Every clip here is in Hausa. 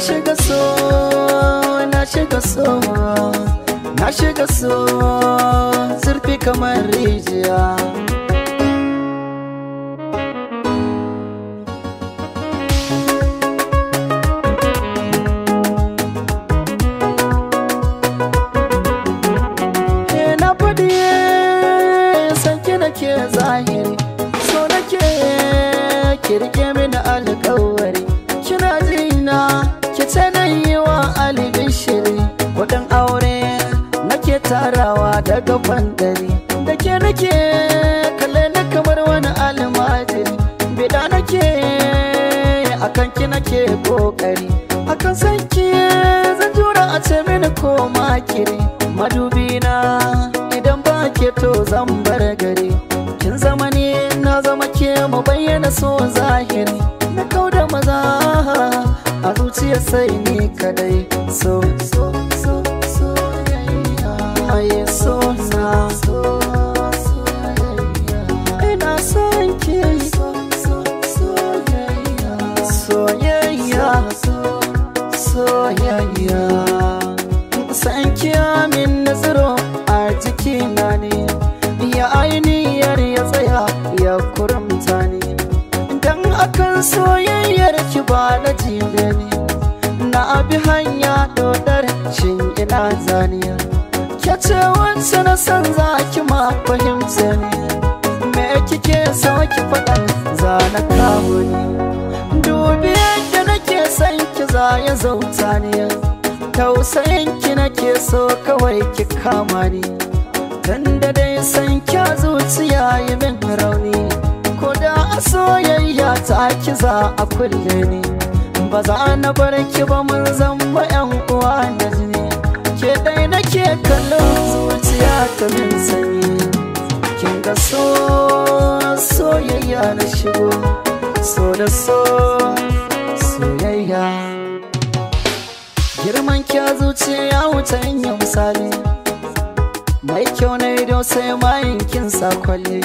shiga so na shiga so na shiga so zurfi kamar rijiya nake zahiri so nake kirke mini alƙawari tarawa daga bandari da ke nake kalle na kamar wani almajiri bida nake akan ki nake kokari akan san ki zan jura a ce mini ko makiri madubi na idan ba ke to zan bar gari kin zama ne na zama ke mu bayyana so zahiri na kauda maza a zuciya sai ni kadai so so mai sona ina son ki soyayya soyayya san ki a jikina ne ya ainiyar ya tsaya ya kurumta ne dan akan soyayyar ki ba na jibe ne na abi hanya dodar shin ina zaniya ke ce wance na san za ki ma ne. ni me kike so ki faɗa za na kawo ni dubi yadda nake san ki za ya zauta ne, tausayin ki nake so kawai ki kama ni dan da dai san kya zuciya yi min rauni ko da soyayya ta ki za a kulle ni ba za na bar ki ba mun zan ba yan uwa da jini ke dai ke kallon zuciya kamin sanyi kin ga so soyayya na shigo so da so soyayya girman kya zuciya wuce yin misali mai kyau na ido sai mayin kin kwalle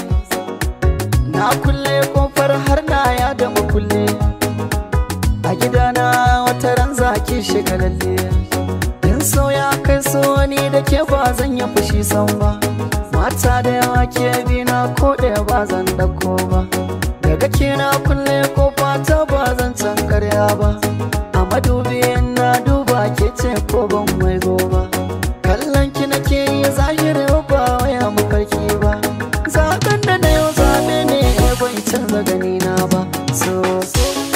na kulle kofar har na ya da makulle a gidana wata ran zaki shiga lalle ba zan yi fushi san ba mata da yawa ke na ko ɗaya ba zan dako ba daga ke na kulle ko fata ba zan can karya ba a madubi na duba ke ce ko ban mai ba kallon ki na ke yi zahiri ba waya mafarki ba zaben da na yau zaɓe ne eh, bai canza ganina ba so